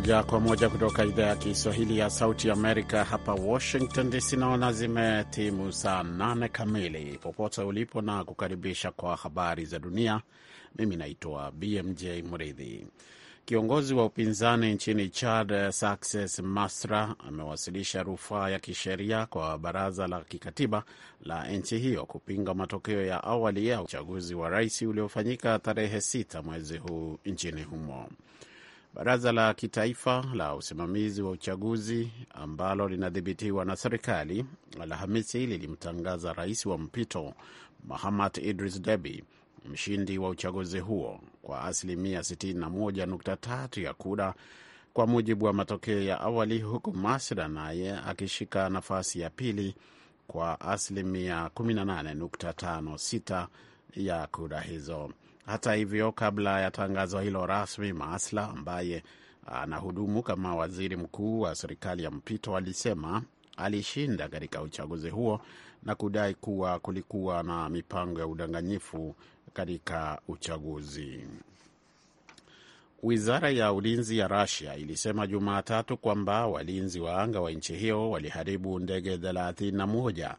moja kwa moja kutoka idhaa ya Kiswahili ya Sauti Amerika hapa Washington DC. Naona zimetimu saa nane kamili popote ulipo, na kukaribisha kwa habari za dunia. Mimi naitwa BMJ Mridhi. Kiongozi wa upinzani nchini Chad Sakses Masra amewasilisha rufaa ya kisheria kwa baraza la kikatiba la nchi hiyo kupinga matokeo ya awali ya uchaguzi wa rais uliofanyika tarehe sita mwezi huu nchini humo. Baraza la Kitaifa la Usimamizi wa Uchaguzi ambalo linadhibitiwa na serikali Alhamisi lilimtangaza rais wa mpito Mahamat Idris Deby mshindi wa uchaguzi huo kwa asilimia 61.3 ya kura kwa mujibu wa matokeo ya awali, huku Masra naye akishika nafasi ya pili kwa asilimia 18.56 ya kura hizo. Hata hivyo, kabla ya tangazo hilo rasmi, Maasla ambaye anahudumu kama waziri mkuu wa serikali ya mpito alisema alishinda katika uchaguzi huo na kudai kuwa kulikuwa na mipango ya udanganyifu katika uchaguzi. Wizara ya ulinzi ya rasia ilisema Jumatatu kwamba walinzi wa anga wa nchi hiyo waliharibu ndege 31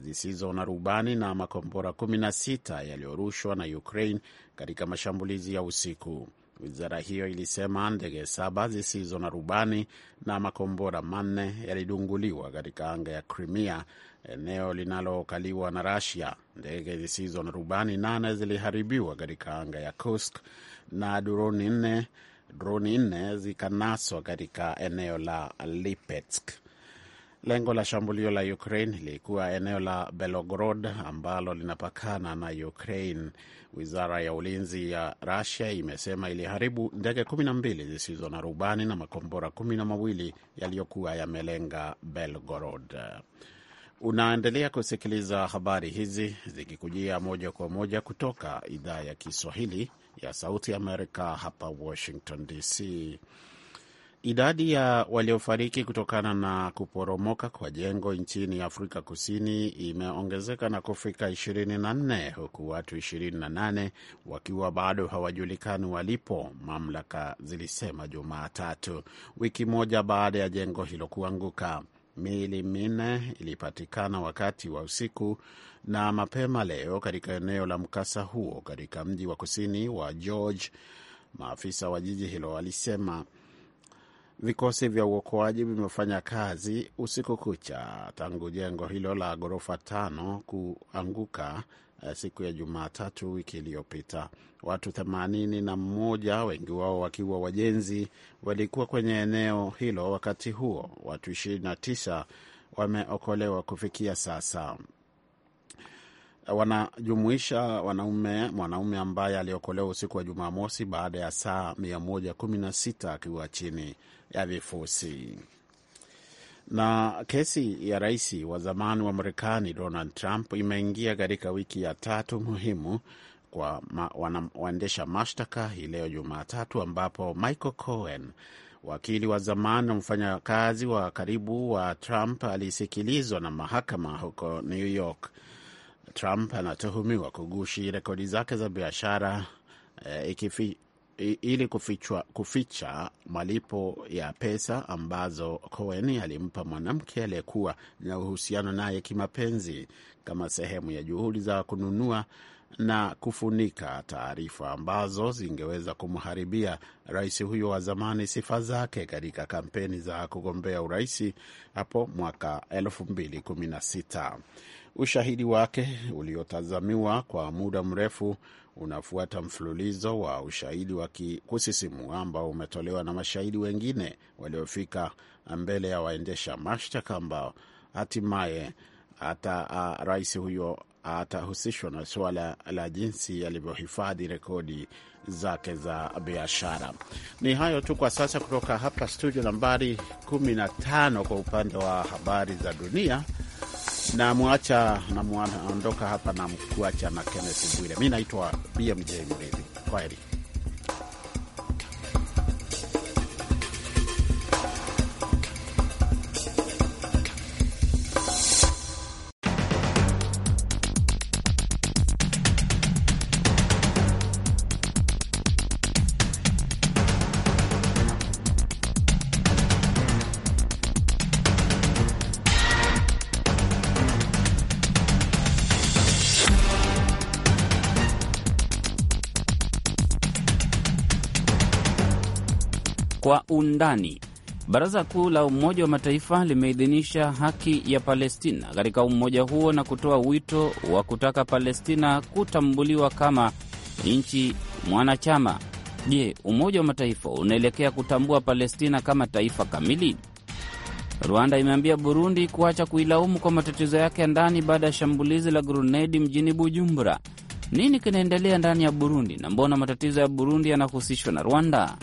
zisizo na rubani na makombora 16 yaliyorushwa na Ukraine katika mashambulizi ya usiku. Wizara hiyo ilisema ndege saba zisizo na rubani na makombora manne yalidunguliwa katika anga ya Crimea, eneo linalokaliwa na Russia. Ndege zisizo na rubani nane ziliharibiwa katika anga ya Kursk na droni nne zikanaswa katika eneo la Lipetsk. Lengo la shambulio la Ukraine lilikuwa eneo la belogrod ambalo linapakana na Ukraine. Wizara ya ulinzi ya Rusia imesema iliharibu ndege kumi na mbili zisizo na rubani na makombora kumi na mawili yaliyokuwa yamelenga Belgorod. Unaendelea kusikiliza habari hizi zikikujia moja kwa moja kutoka idhaa ya Kiswahili ya Sauti Amerika hapa Washington DC. Idadi ya waliofariki kutokana na kuporomoka kwa jengo nchini Afrika Kusini imeongezeka na kufika 24 huku watu 28 wakiwa bado hawajulikani walipo, mamlaka zilisema Jumatatu, wiki moja baada ya jengo hilo kuanguka. Miili minne ilipatikana wakati wa usiku na mapema leo katika eneo la mkasa huo katika mji wa kusini wa George, maafisa wa jiji hilo walisema. Vikosi vya uokoaji vimefanya kazi usiku kucha tangu jengo hilo la ghorofa tano kuanguka eh, siku ya Jumatatu wiki iliyopita. Watu themanini na mmoja, wengi wao wakiwa wajenzi, walikuwa kwenye eneo hilo wakati huo. Watu 29 wameokolewa kufikia sasa wanajumuisha wanaume mwanaume ambaye aliokolewa usiku wa Jumamosi baada ya saa 116 akiwa chini ya vifusi. Na kesi ya rais wa zamani wa Marekani Donald Trump imeingia katika wiki ya tatu muhimu kwa ma, waendesha mashtaka hii leo Jumatatu, ambapo Michael Cohen, wakili wa zamani na mfanyakazi wa karibu wa Trump, alisikilizwa na mahakama huko New York. Trump anatuhumiwa kugushi rekodi zake za biashara eh, ikifi ili kufichwa, kuficha malipo ya pesa ambazo Cohen alimpa mwanamke aliyekuwa na uhusiano naye kimapenzi kama sehemu ya juhudi za kununua na kufunika taarifa ambazo zingeweza kumharibia rais huyo wa zamani sifa zake katika kampeni za kugombea urais hapo mwaka 2016. Ushahidi wake uliotazamiwa kwa muda mrefu unafuata mfululizo wa ushahidi wa kusisimua ambao umetolewa na mashahidi wengine waliofika mbele ya waendesha mashtaka ambao hatimaye hata uh, rais huyo atahusishwa na suala la jinsi alivyohifadhi rekodi zake za biashara. Ni hayo tu kwa sasa kutoka hapa studio nambari 15 kwa upande wa habari za dunia namwacha namwondoka hapa na mkuacha na Kenneth Bwire. Mi naitwa BMJ Mridhi, kwaheri. kwa undani. Baraza Kuu la Umoja wa Mataifa limeidhinisha haki ya Palestina katika umoja huo na kutoa wito wa kutaka Palestina kutambuliwa kama nchi mwanachama. Je, Umoja wa Mataifa unaelekea kutambua Palestina kama taifa kamili? Rwanda imeambia Burundi kuacha kuilaumu kwa matatizo yake ya ndani baada ya shambulizi la grunedi mjini Bujumbura. Nini kinaendelea ndani ya Burundi na mbona matatizo ya Burundi yanahusishwa na Rwanda?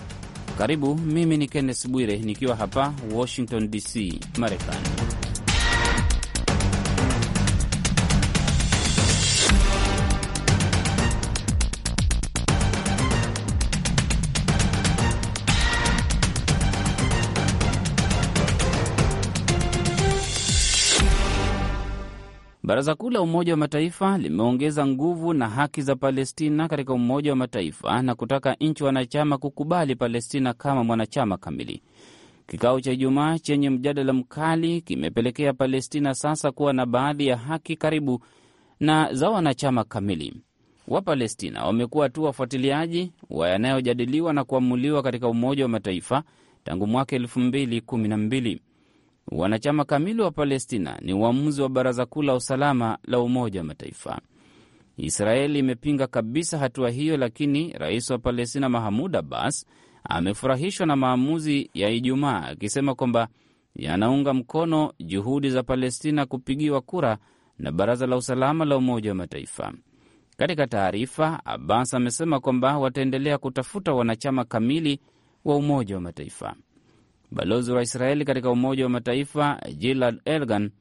Karibu, mimi ni Kenneth Bwire nikiwa hapa Washington DC, Marekani. Baraza Kuu la Umoja wa Mataifa limeongeza nguvu na haki za Palestina katika Umoja wa Mataifa na kutaka nchi wanachama kukubali Palestina kama mwanachama kamili. Kikao cha Ijumaa chenye mjadala mkali kimepelekea Palestina sasa kuwa na baadhi ya haki karibu na za wanachama kamili. Wapalestina wamekuwa tu wafuatiliaji wa yanayojadiliwa na kuamuliwa katika Umoja wa Mataifa tangu mwaka elfu mbili kumi na mbili wanachama kamili wa Palestina ni uamuzi wa Baraza Kuu la Usalama la Umoja wa Mataifa. Israeli imepinga kabisa hatua hiyo, lakini rais wa Palestina Mahmud Abbas amefurahishwa na maamuzi ya Ijumaa akisema kwamba yanaunga mkono juhudi za Palestina kupigiwa kura na Baraza la Usalama la Umoja wa Mataifa. Katika taarifa, Abbas amesema kwamba wataendelea kutafuta wanachama kamili wa Umoja wa Mataifa. Balozi wa Israeli katika Umoja wa Mataifa Gilad Elgan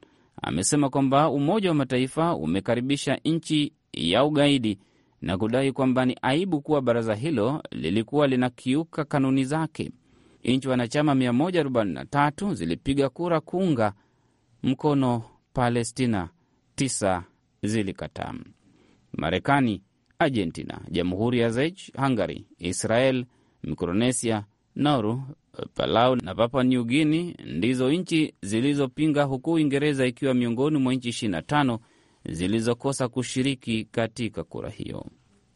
amesema kwamba Umoja wa Mataifa umekaribisha nchi ya ugaidi na kudai kwamba ni aibu kuwa baraza hilo lilikuwa linakiuka kanuni zake. Nchi wanachama 143 zilipiga kura kuunga mkono Palestina, tisa zilikataa. Marekani, Argentina, Jamhuri ya Czech, Hungary, Israel, Mikronesia, Nauru, Palau na Papua New Guinea ndizo nchi zilizopinga, huku Uingereza ikiwa miongoni mwa nchi 25 zilizokosa kushiriki katika kura hiyo.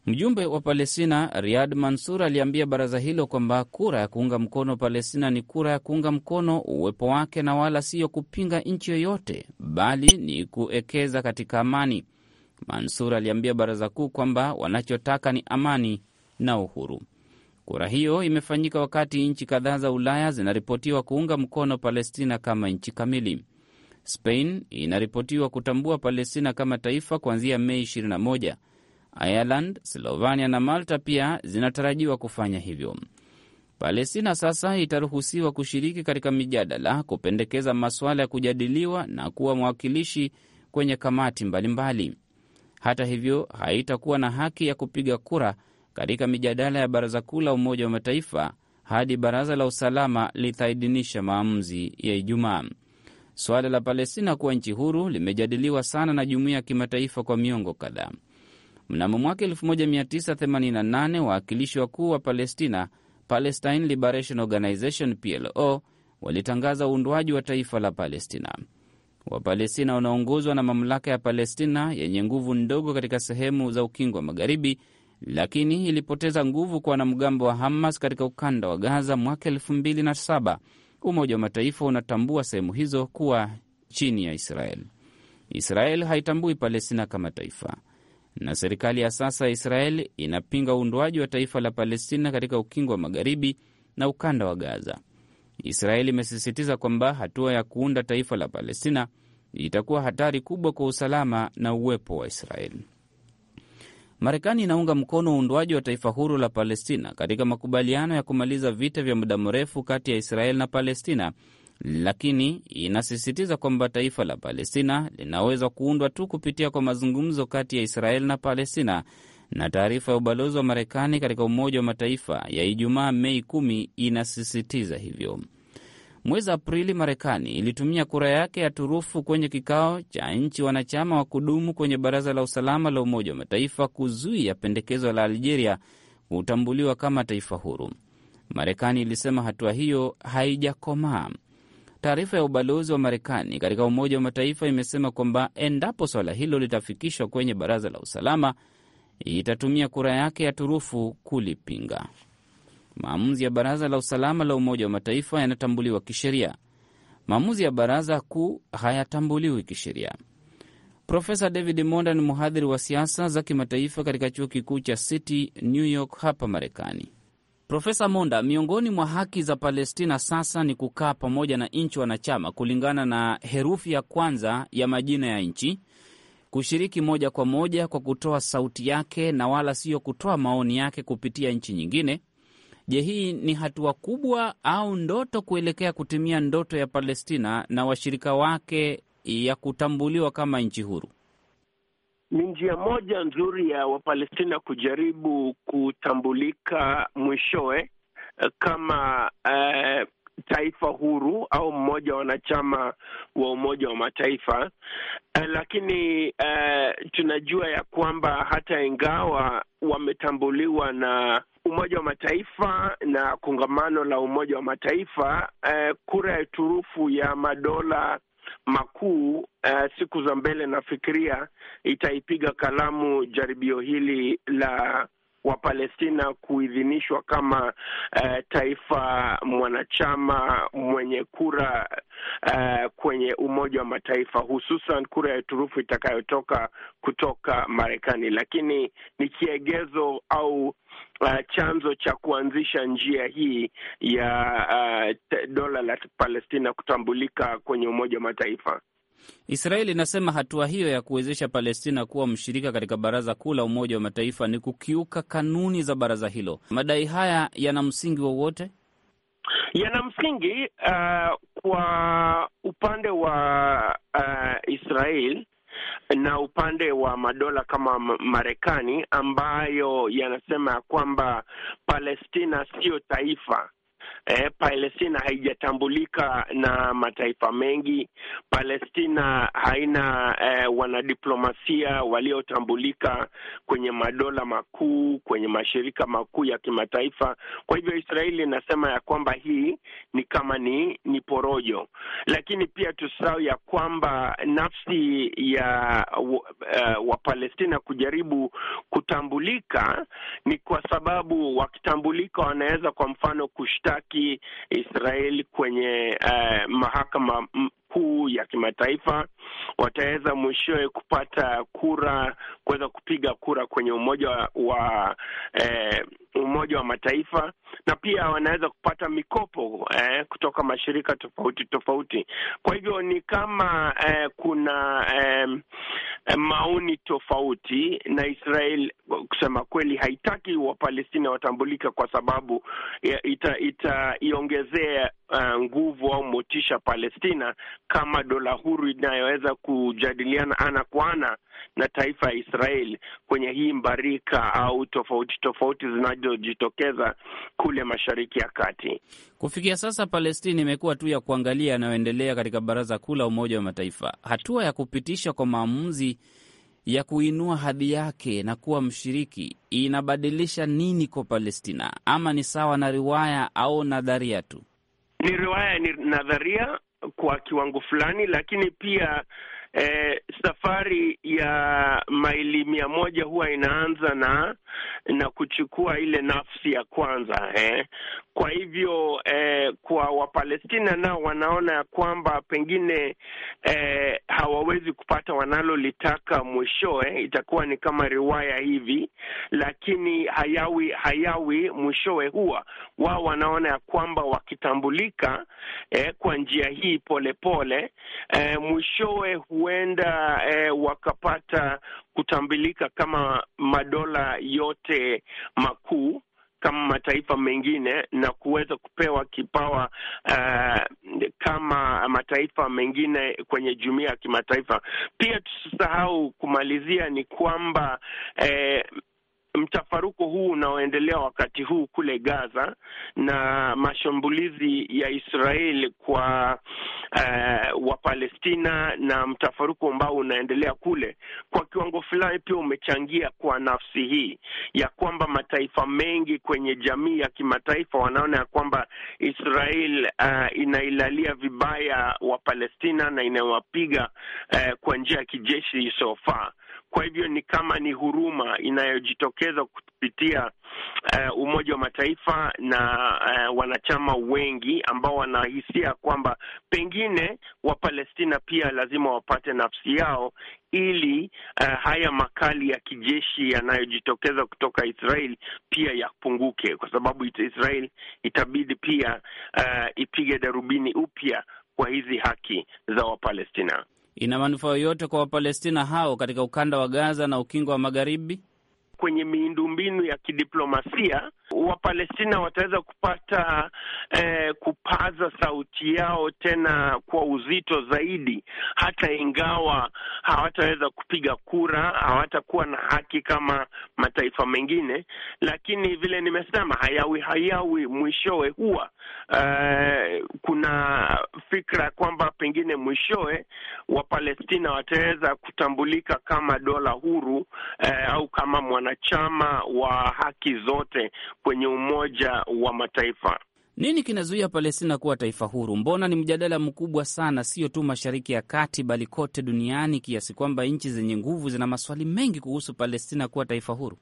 Mjumbe wa Palestina riad Mansur aliambia baraza hilo kwamba kura ya kuunga mkono Palestina ni kura ya kuunga mkono uwepo wake na wala siyo kupinga nchi yoyote, bali ni kuekeza katika amani. Mansur aliambia baraza kuu kwamba wanachotaka ni amani na uhuru. Kura hiyo imefanyika wakati nchi kadhaa za Ulaya zinaripotiwa kuunga mkono Palestina kama nchi kamili. Spain inaripotiwa kutambua Palestina kama taifa kuanzia Mei 21. Ireland, Slovenia na Malta pia zinatarajiwa kufanya hivyo. Palestina sasa itaruhusiwa kushiriki katika mijadala, kupendekeza masuala ya kujadiliwa na kuwa mwakilishi kwenye kamati mbalimbali mbali. Hata hivyo haitakuwa na haki ya kupiga kura katika mijadala ya Baraza Kuu la Umoja wa Mataifa hadi Baraza la Usalama litaidhinisha maamuzi ya Ijumaa. Suala la Palestina kuwa nchi huru limejadiliwa sana na jumuiya ya kimataifa kwa miongo kadhaa. Mnamo mwaka 1988 wawakilishi wakuu wa Palestina, Palestine Liberation Organization PLO, walitangaza uundwaji wa taifa la Palestina. Wapalestina wanaongozwa na mamlaka ya Palestina yenye nguvu ndogo katika sehemu za ukingo wa Magharibi lakini ilipoteza nguvu kwa wanamgambo wa Hamas katika ukanda wa Gaza mwaka elfu mbili na saba. Umoja wa Mataifa unatambua sehemu hizo kuwa chini ya Israel. Israel haitambui Palestina kama taifa, na serikali ya sasa ya Israel inapinga uundwaji wa taifa la Palestina katika ukingo wa magharibi na ukanda wa Gaza. Israeli imesisitiza kwamba hatua ya kuunda taifa la Palestina itakuwa hatari kubwa kwa usalama na uwepo wa Israeli. Marekani inaunga mkono uundwaji wa taifa huru la Palestina katika makubaliano ya kumaliza vita vya muda mrefu kati ya israel na Palestina, lakini inasisitiza kwamba taifa la Palestina linaweza kuundwa tu kupitia kwa mazungumzo kati ya israel na Palestina. Na taarifa ya ubalozi wa Marekani katika Umoja wa Mataifa ya Ijumaa Mei kumi inasisitiza hivyo. Mwezi Aprili, Marekani ilitumia kura yake ya turufu kwenye kikao cha nchi wanachama wa kudumu kwenye Baraza la Usalama la Umoja wa Mataifa kuzuia pendekezo la Algeria kutambuliwa kama taifa huru. Marekani ilisema hatua hiyo haijakomaa. Taarifa ya ubalozi wa Marekani katika Umoja wa Mataifa imesema kwamba endapo swala hilo litafikishwa kwenye Baraza la Usalama, itatumia kura yake ya turufu kulipinga maamuzi ya Baraza la Usalama la Umoja wa Mataifa yanatambuliwa kisheria. Maamuzi ya Baraza Kuu hayatambuliwi kisheria. Profesa David Monda ni mhadhiri wa siasa za kimataifa katika chuo kikuu cha City New York hapa Marekani. Profesa Monda, miongoni mwa haki za Palestina sasa ni kukaa pamoja na nchi wanachama kulingana na herufi ya kwanza ya majina ya nchi, kushiriki moja kwa moja kwa kutoa sauti yake na wala siyo kutoa maoni yake kupitia nchi nyingine, Je, hii ni hatua kubwa au ndoto kuelekea kutimia ndoto ya Palestina na washirika wake ya kutambuliwa kama nchi huru? Ni njia moja nzuri ya Wapalestina kujaribu kutambulika mwishowe eh, kama eh, taifa huru au mmoja wa wanachama wa Umoja wa Mataifa. Uh, lakini uh, tunajua ya kwamba hata ingawa wametambuliwa na Umoja wa Mataifa na kongamano la Umoja wa Mataifa, uh, kura ya turufu ya madola makuu uh, siku za mbele nafikiria itaipiga kalamu jaribio hili la wa Palestina kuidhinishwa kama eh, taifa mwanachama mwenye kura eh, kwenye Umoja wa Mataifa, hususan kura ya turufu itakayotoka kutoka Marekani, lakini ni kiegezo au Uh, chanzo cha kuanzisha njia hii ya uh, dola la Palestina kutambulika kwenye Umoja wa Mataifa. Israeli inasema hatua hiyo ya kuwezesha Palestina kuwa mshirika katika Baraza Kuu la Umoja wa Mataifa ni kukiuka kanuni za baraza hilo. Madai haya yana msingi wowote? Yana msingi uh, kwa upande wa uh, Israeli na upande wa madola kama Marekani ambayo yanasema ya kwamba Palestina siyo taifa eh, Palestina haijatambulika na mataifa mengi. Palestina haina eh, wanadiplomasia waliotambulika kwenye madola makuu, kwenye mashirika makuu ya kimataifa. Kwa hivyo Israeli inasema ya kwamba hii ni kama ni, ni porojo, lakini pia tusahau ya kwamba nafsi ya uh, eh, Wapalestina kujaribu kutambulika ni kwa sababu wakitambulika wanaweza kwa mfano kushta kushtaki Israel kwenye eh, mahakama kuu ya kimataifa. Wataweza mwishowe kupata kura kuweza kupiga kura kwenye umoja wa eh, Umoja wa Mataifa, na pia wanaweza kupata mikopo eh, kutoka mashirika tofauti tofauti. Kwa hivyo ni kama eh, kuna eh, Eh, maoni tofauti, na Israel kusema kweli haitaki Wapalestina watambulika kwa sababu itaiongezea eh, ita, uh, nguvu au motisha Palestina kama dola huru inayoweza kujadiliana ana kwa ana na taifa ya Israel kwenye hii mbarika au tofauti tofauti zinazojitokeza kule Mashariki ya Kati. Kufikia sasa, Palestina imekuwa tu ya kuangalia yanayoendelea katika Baraza Kuu la Umoja wa Mataifa. Hatua ya kupitisha kwa maamuzi ya kuinua hadhi yake na kuwa mshiriki inabadilisha nini kwa Palestina, ama ni sawa na riwaya au nadharia tu? Ni riwaya, ni nadharia kwa kiwango fulani, lakini pia eh, safari ya maili mia moja huwa inaanza na na kuchukua ile nafsi ya kwanza eh. Kwa hivyo eh, kwa Wapalestina nao wanaona ya kwamba pengine eh, hawawezi kupata wanalolitaka mwishowe, eh? itakuwa ni kama riwaya hivi, lakini hayawi hayawi mwishowe. Huwa wao wanaona ya kwamba wakitambulika eh, kwa njia hii polepole pole, eh, mwishowe huenda eh, wakapata kutambulika kama madola yote makuu kama mataifa mengine na kuweza kupewa kipawa uh, kama mataifa mengine kwenye jumuia ya kimataifa. Pia tusisahau kumalizia ni kwamba eh, mtafaruko huu unaoendelea wakati huu kule Gaza na mashambulizi ya Israel kwa uh, eh, Wapalestina na mtafaruko ambao unaendelea kule, kwa kiwango fulani pia umechangia kwa nafsi hii ya kwamba mataifa mengi kwenye jamii ya kimataifa wanaona ya kwamba Israel uh, inailalia vibaya Wapalestina na inawapiga uh, kwa njia ya kijeshi isiyofaa. Kwa hivyo ni kama ni huruma inayojitokeza kupitia uh, Umoja wa Mataifa na uh, wanachama wengi ambao wanahisia kwamba pengine Wapalestina pia lazima wapate nafsi yao ili uh, haya makali ya kijeshi yanayojitokeza kutoka Israel pia yapunguke, kwa sababu Israel itabidi pia uh, ipige darubini upya kwa hizi haki za Wapalestina ina manufaa yoyote kwa Wapalestina hao katika ukanda wa Gaza na ukingo wa Magharibi? Kwenye miundombinu ya kidiplomasia Wapalestina wataweza kupata eh, ku kupaza sauti yao tena kwa uzito zaidi, hata ingawa hawataweza kupiga kura, hawatakuwa na haki kama mataifa mengine, lakini vile nimesema, hayawi hayawi, mwishowe huwa uh, kuna fikra kwamba pengine mwishowe Wapalestina wataweza kutambulika kama dola huru uh, au kama mwanachama wa haki zote kwenye Umoja wa Mataifa. Nini kinazuia Palestina kuwa taifa huru? Mbona ni mjadala mkubwa sana, sio tu Mashariki ya Kati bali kote duniani, kiasi kwamba nchi zenye nguvu zina maswali mengi kuhusu Palestina kuwa taifa huru.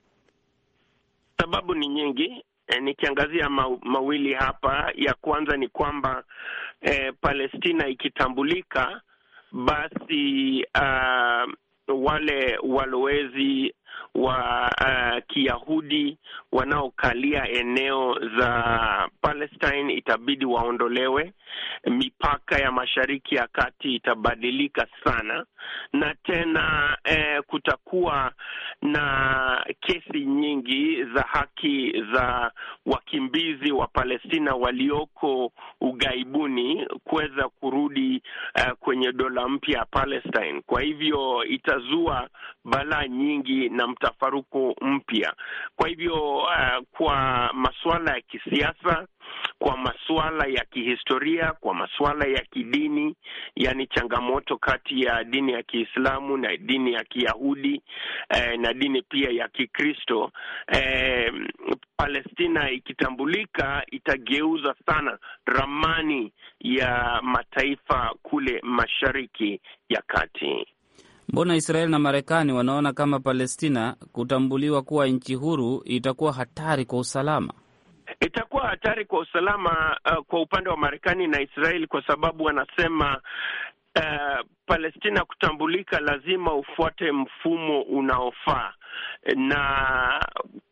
Sababu ni nyingi. E, nikiangazia mawili hapa. Ya kwanza ni kwamba e, Palestina ikitambulika basi uh, wale walowezi wa uh, Kiyahudi wanaokalia eneo za Palestine itabidi waondolewe. Mipaka ya Mashariki ya Kati itabadilika sana, na tena eh, kutakuwa na kesi nyingi za haki za wakimbizi wa Palestina walioko ughaibuni kuweza kurudi uh, kwenye dola mpya ya Palestine. Kwa hivyo itazua balaa nyingi na mtafaruko mpya. Kwa hivyo uh, kwa masuala ya kisiasa, kwa masuala ya kihistoria, kwa masuala ya kidini, yani changamoto kati ya dini ya Kiislamu na dini ya Kiyahudi eh, na dini pia ya Kikristo eh, Palestina ikitambulika itageuza sana ramani ya mataifa kule Mashariki ya Kati. Mbona Israeli na Marekani wanaona kama Palestina kutambuliwa kuwa nchi huru itakuwa hatari kwa usalama? Itakuwa hatari kwa usalama uh, kwa upande wa Marekani na Israeli kwa sababu wanasema uh, Palestina kutambulika lazima ufuate mfumo unaofaa na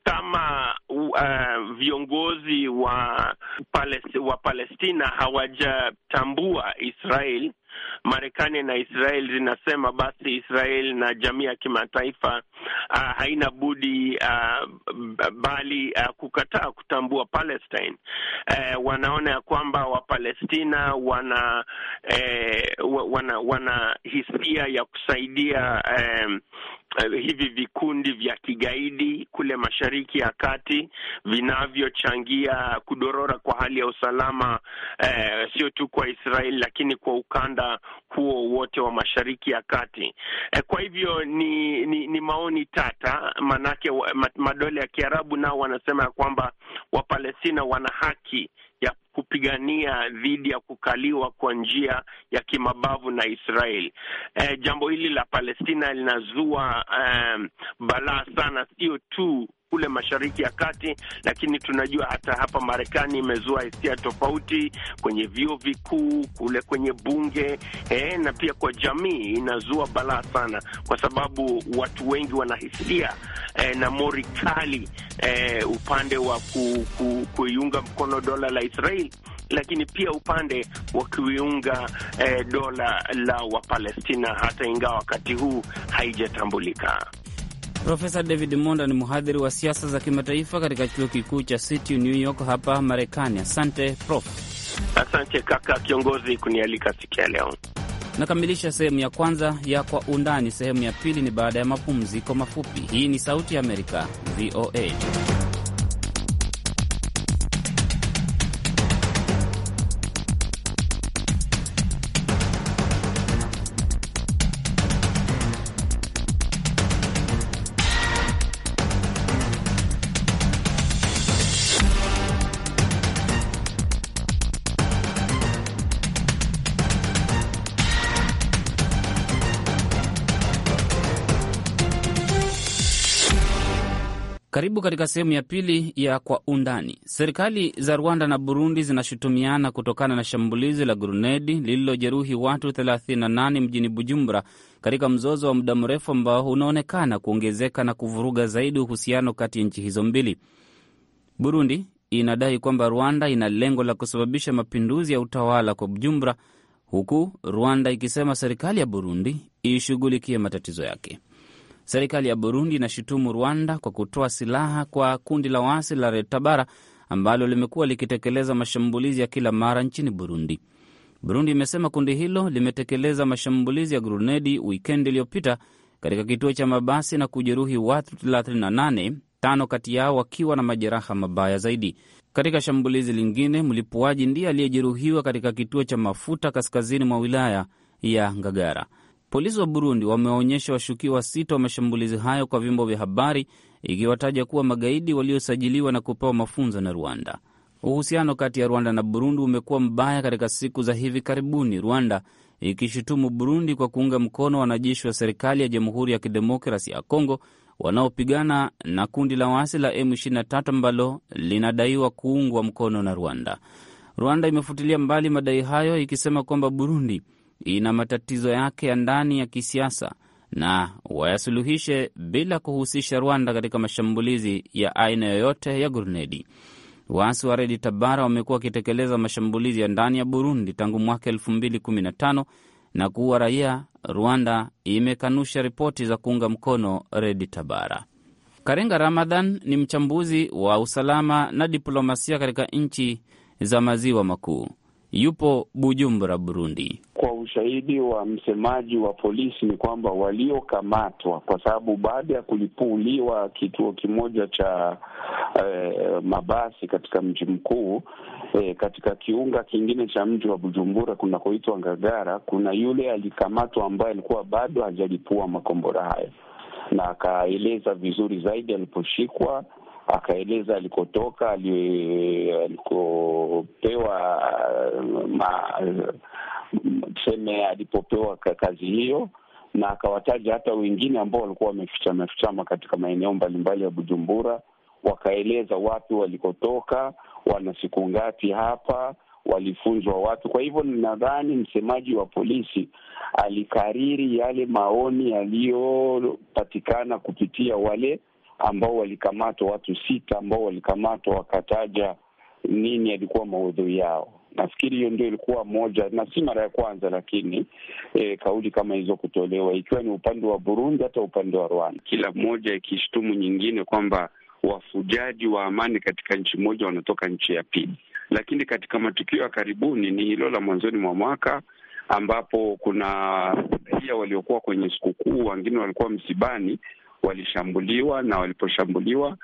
kama uh, viongozi wa Palestina, wa Palestina hawajatambua Israel Marekani na Israel zinasema basi Israel na jamii ya kimataifa uh, haina budi uh, bali uh, kukataa kutambua Palestine. Uh, wanaona ya kwamba Wapalestina wana, uh, wana wana hisia ya kusaidia um, Eh, hivi vikundi vya kigaidi kule Mashariki ya Kati vinavyochangia kudorora kwa hali ya usalama eh, sio tu kwa Israeli lakini kwa ukanda huo wote wa Mashariki ya Kati. Eh, kwa hivyo ni, ni, ni maoni tata, manake madola ya Kiarabu nao wanasema ya kwamba Wapalestina wana haki ya kupigania dhidi ya kukaliwa kwa njia ya kimabavu na Israel. E, jambo hili la Palestina linazua um, balaa sana, sio tu kule Mashariki ya Kati, lakini tunajua hata hapa Marekani imezua hisia tofauti kwenye vyuo vikuu, kule kwenye bunge eh, na pia kwa jamii inazua balaa sana, kwa sababu watu wengi wanahisia eh, na mori kali eh, upande wa ku, ku, kuiunga mkono dola la israel lakini pia upande wa kuiunga eh, dola la Wapalestina hata ingawa wakati huu haijatambulika. Profesa David Monda ni mhadhiri wa siasa za kimataifa katika chuo kikuu cha City New York hapa Marekani. Asante Prof. Asante kaka kiongozi kunialika siku ya leo. Nakamilisha sehemu ya kwanza ya Kwa Undani. Sehemu ya pili ni baada ya mapumziko mafupi. Hii ni Sauti ya Amerika, VOA. katika sehemu ya pili ya Kwa Undani. Serikali za Rwanda na Burundi zinashutumiana kutokana na shambulizi la grunedi lililojeruhi watu 38 mjini Bujumbura, katika mzozo wa muda mrefu ambao unaonekana kuongezeka na kuvuruga zaidi uhusiano kati ya nchi hizo mbili. Burundi inadai kwamba Rwanda ina lengo la kusababisha mapinduzi ya utawala kwa Bujumbura, huku Rwanda ikisema serikali ya Burundi ishughulikie matatizo yake. Serikali ya Burundi inashutumu Rwanda kwa kutoa silaha kwa kundi la waasi la Retabara ambalo limekuwa likitekeleza mashambulizi ya kila mara nchini Burundi. Burundi imesema kundi hilo limetekeleza mashambulizi ya grunedi wikendi iliyopita katika kituo cha mabasi na kujeruhi watu 38, tano kati yao wakiwa na majeraha mabaya zaidi. Katika shambulizi lingine, mlipuaji ndiye aliyejeruhiwa katika kituo cha mafuta kaskazini mwa wilaya ya Ngagara. Polisi wa Burundi wamewaonyesha washukiwa sita wa mashambulizi hayo kwa vyombo vya habari, ikiwataja kuwa magaidi waliosajiliwa na kupewa mafunzo na Rwanda. Uhusiano kati ya Rwanda na Burundi umekuwa mbaya katika siku za hivi karibuni, Rwanda ikishutumu Burundi kwa kuunga mkono wanajeshi wa serikali ya Jamhuri ya Kidemokrasi ya Kongo wanaopigana na kundi la waasi la M23 ambalo linadaiwa kuungwa mkono na Rwanda. Rwanda imefutilia mbali madai hayo ikisema kwamba Burundi ina matatizo yake ya ndani ya kisiasa na wayasuluhishe bila kuhusisha Rwanda katika mashambulizi ya aina yoyote ya gurunedi. Waasi wa Redi Tabara wamekuwa wakitekeleza mashambulizi ya ndani ya Burundi tangu mwaka 2015 na kuua raia. Rwanda imekanusha ripoti za kuunga mkono Redi Tabara. Karenga Ramadhan ni mchambuzi wa usalama na diplomasia katika nchi za maziwa makuu yupo Bujumbura, Burundi. Kwa ushahidi wa msemaji wa polisi ni kwamba waliokamatwa, kwa sababu baada ya kulipuuliwa kituo kimoja cha eh, mabasi katika mji mkuu eh, katika kiunga kingine cha mji wa Bujumbura kunakoitwa Ngagara, kuna yule alikamatwa ambaye alikuwa bado hajalipua makombora hayo, na akaeleza vizuri zaidi aliposhikwa akaeleza alikotoka, alikopewa ma, tuseme alipopewa kazi hiyo, na akawataja hata wengine ambao walikuwa wamefichamafichama katika maeneo mbalimbali ya Bujumbura, wakaeleza wapi walikotoka, wana siku ngapi hapa, walifunzwa wapi. Kwa hivyo nadhani msemaji wa polisi alikariri yale maoni yaliyopatikana kupitia wale ambao walikamatwa, watu sita ambao walikamatwa, wakataja nini alikuwa maudhui yao. Nafikiri hiyo ndio ilikuwa moja na si mara ya kwanza, lakini e, kauli kama hizo kutolewa, ikiwa ni upande wa Burundi hata upande wa Rwanda, kila mmoja ikishtumu nyingine kwamba wafujaji wa amani katika nchi moja wanatoka nchi ya pili. Lakini katika matukio ya karibuni ni hilo la mwanzoni mwa mwaka ambapo kuna raia waliokuwa kwenye sikukuu, wengine walikuwa msibani, walishambuliwa, na waliposhambuliwa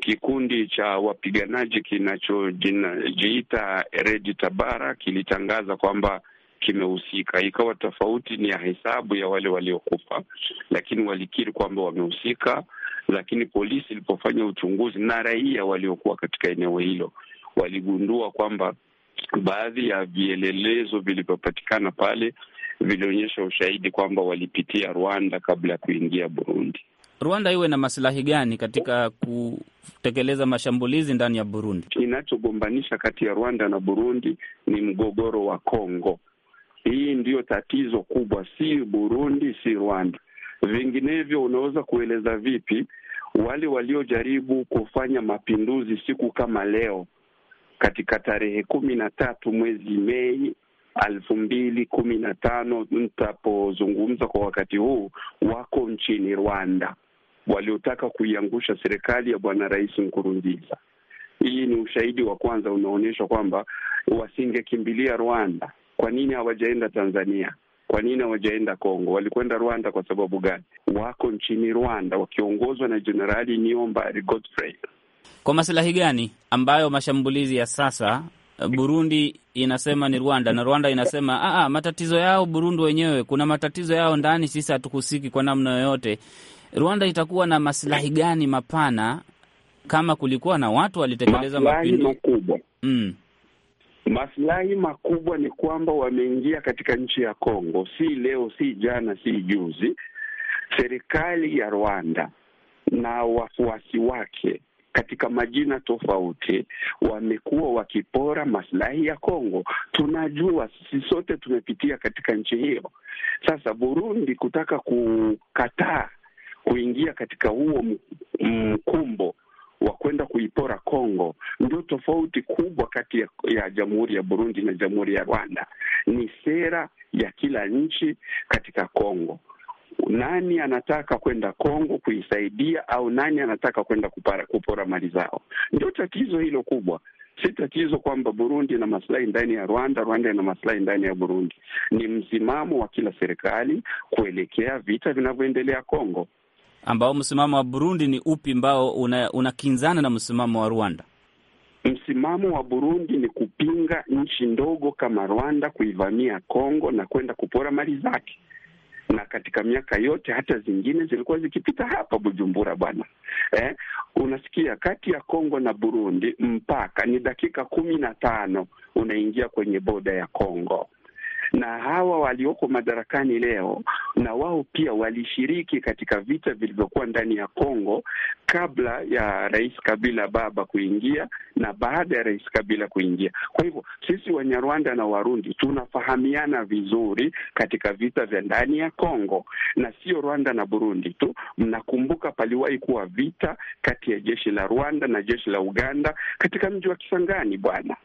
kikundi cha wapiganaji kinachojiita Redi Tabara kilitangaza kwamba kimehusika. Ikawa tofauti ni ya hesabu ya wale waliokufa, lakini walikiri kwamba wamehusika. Lakini polisi ilipofanya uchunguzi na raia waliokuwa katika eneo hilo waligundua kwamba baadhi ya vielelezo vilivyopatikana pale vilionyesha ushahidi kwamba walipitia Rwanda kabla ya kuingia Burundi. Rwanda iwe na masilahi gani katika kutekeleza mashambulizi ndani ya Burundi? Kinachogombanisha kati ya Rwanda na Burundi ni mgogoro wa Kongo. Hii ndiyo tatizo kubwa, si Burundi, si Rwanda. Vinginevyo unaweza kueleza vipi wale waliojaribu kufanya mapinduzi siku kama leo katika tarehe kumi na tatu mwezi Mei elfu mbili kumi na tano ntapozungumza kwa wakati huu, wako nchini Rwanda waliotaka kuiangusha serikali ya bwana Rais Nkurunziza. Hii ni ushahidi wa kwanza unaonyesha kwamba wasingekimbilia Rwanda. Kwa nini hawajaenda Tanzania? Kwa nini hawajaenda Kongo? Walikwenda Rwanda kwa sababu gani? Wako nchini Rwanda wakiongozwa na Jenerali Niyombare Godfrey. Kwa masilahi gani ambayo mashambulizi ya sasa eh, Burundi inasema ni Rwanda na Rwanda inasema aa, ah, ah, matatizo yao Burundi wenyewe, kuna matatizo yao ndani, sisi hatuhusiki kwa namna yoyote. Rwanda itakuwa na masilahi gani mapana kama kulikuwa na watu walitekeleza mapinduzi makubwa? Mm. Masilahi makubwa ni kwamba wameingia katika nchi ya Kongo, si leo, si jana, si juzi. Serikali ya Rwanda na wafuasi wake katika majina tofauti wamekuwa wakipora masilahi ya Kongo. Tunajua sisi sote tumepitia katika nchi hiyo. Sasa Burundi kutaka kukataa kuingia katika huo mkumbo wa kwenda kuipora Kongo. Ndio tofauti kubwa kati ya, ya jamhuri ya Burundi na jamhuri ya Rwanda, ni sera ya kila nchi katika Kongo. Nani anataka kwenda Kongo kuisaidia au nani anataka kwenda kupora mali zao? Ndio tatizo hilo kubwa. Si tatizo kwamba Burundi ina maslahi ndani ya Rwanda, Rwanda ina maslahi ndani ya Burundi. Ni msimamo wa kila serikali kuelekea vita vinavyoendelea Kongo ambao msimamo wa Burundi ni upi ambao unakinzana una na msimamo wa Rwanda? Msimamo wa Burundi ni kupinga nchi ndogo kama Rwanda kuivamia Kongo na kwenda kupora mali zake, na katika miaka yote hata zingine zilikuwa zikipita hapa Bujumbura bwana. Eh, unasikia kati ya Kongo na Burundi mpaka ni dakika kumi na tano unaingia kwenye boda ya Kongo na hawa walioko madarakani leo, na wao pia walishiriki katika vita vilivyokuwa ndani ya Kongo kabla ya Rais Kabila baba kuingia na baada ya Rais Kabila kuingia. Kwa hivyo sisi Wanyarwanda na Warundi tunafahamiana vizuri katika vita vya ndani ya Kongo, na sio Rwanda na Burundi tu. Mnakumbuka paliwahi kuwa vita kati ya jeshi la Rwanda na jeshi la Uganda katika mji wa Kisangani bwana.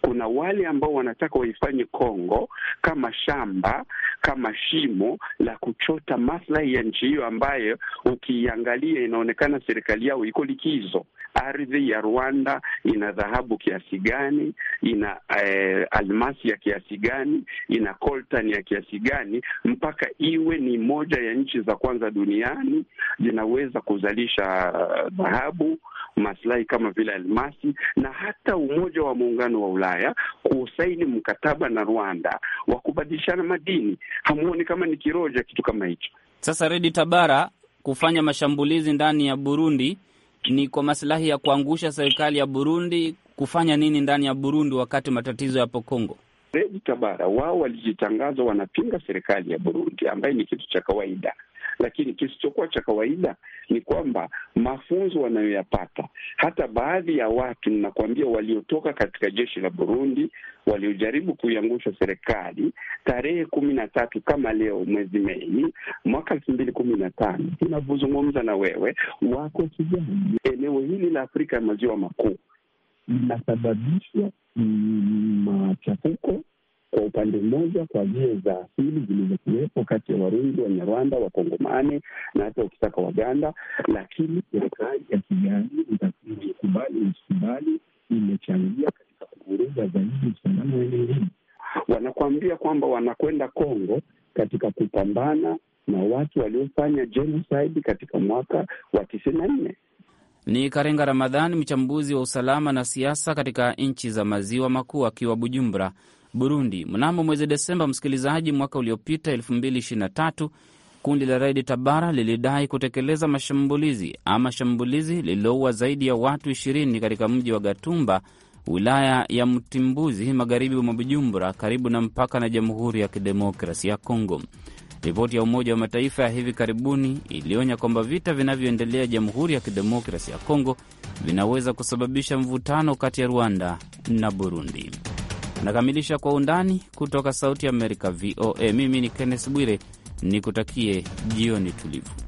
Kuna wale ambao wanataka waifanye Kongo kama shamba, kama shimo la kuchota maslahi ya nchi hiyo, ambayo ukiiangalia inaonekana serikali yao iko likizo, ardhi ya Rwanda ina dhahabu kiasi gani, ina eh, almasi ya kiasi gani, ina coltan ya kiasi gani, mpaka iwe ni moja ya nchi za kwanza duniani zinaweza kuzalisha eh, dhahabu, maslahi kama vile almasi, na hata Umoja wa Muungano wa Ulaya kusaini mkataba na Rwanda wa kubadilishana madini. Hamuoni kama ni kiroja kitu kama hicho? Sasa Redi Tabara kufanya mashambulizi ndani ya Burundi ni kwa masilahi ya kuangusha serikali ya Burundi, kufanya nini ndani ya Burundi wakati matatizo yapo Kongo? Redi Tabara wao walijitangaza wanapinga serikali ya Burundi, ambaye ni kitu cha kawaida, lakini kisichokuwa cha kawaida ni kwamba mafunzo wanayoyapata, hata baadhi ya watu ninakuambia, waliotoka katika jeshi la Burundi waliojaribu kuiangusha serikali tarehe kumi na tatu kama leo mwezi Mei mwaka elfu mbili kumi na tano tunavyozungumza na wewe, wako kijani eneo hili la Afrika ya maziwa makuu linasababishwa mm, machafuko upande mmoja kwa njia za asili zilizokuwepo kati ya Warundi, Wanyarwanda, Wakongomani na hata ukitaka Waganda, lakini serikali ya kijani ikubali usikubali imechangia katika kuvuruga zaidi usalama wa eneo hili. Wanakuambia kwamba wanakwenda Kongo katika kupambana na watu waliofanya genocide katika mwaka wa tisini na nne. Ni Karenga Ramadhani, mchambuzi wa usalama na siasa katika nchi za maziwa makuu, akiwa Bujumbura. Burundi. Mnamo mwezi Desemba, msikilizaji, mwaka uliopita 2023 kundi la Raidi Tabara lilidai kutekeleza mashambulizi ama shambulizi lililoua zaidi ya watu 20 katika mji wa Gatumba, wilaya ya Mtimbuzi, magharibi mwa Bujumbura, karibu na mpaka na Jamhuri ya Kidemokrasi ya Kongo. Ripoti ya Umoja wa Mataifa ya hivi karibuni ilionya kwamba vita vinavyoendelea Jamhuri ya Kidemokrasi ya Kongo vinaweza kusababisha mvutano kati ya Rwanda na Burundi. Nakamilisha kwa undani kutoka Sauti ya Amerika, VOA. Mimi ni Kenneth Bwire, nikutakie jioni tulivu.